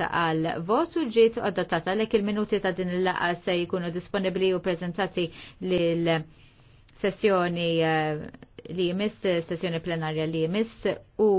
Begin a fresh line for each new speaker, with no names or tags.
għal vot u ġiet adottata għalhekk il-minuti ta' din il-laqa se jkunu disponibbli u preżentati lil sessjoni eh, li jmiss, sessjoni plenarja li jmiss u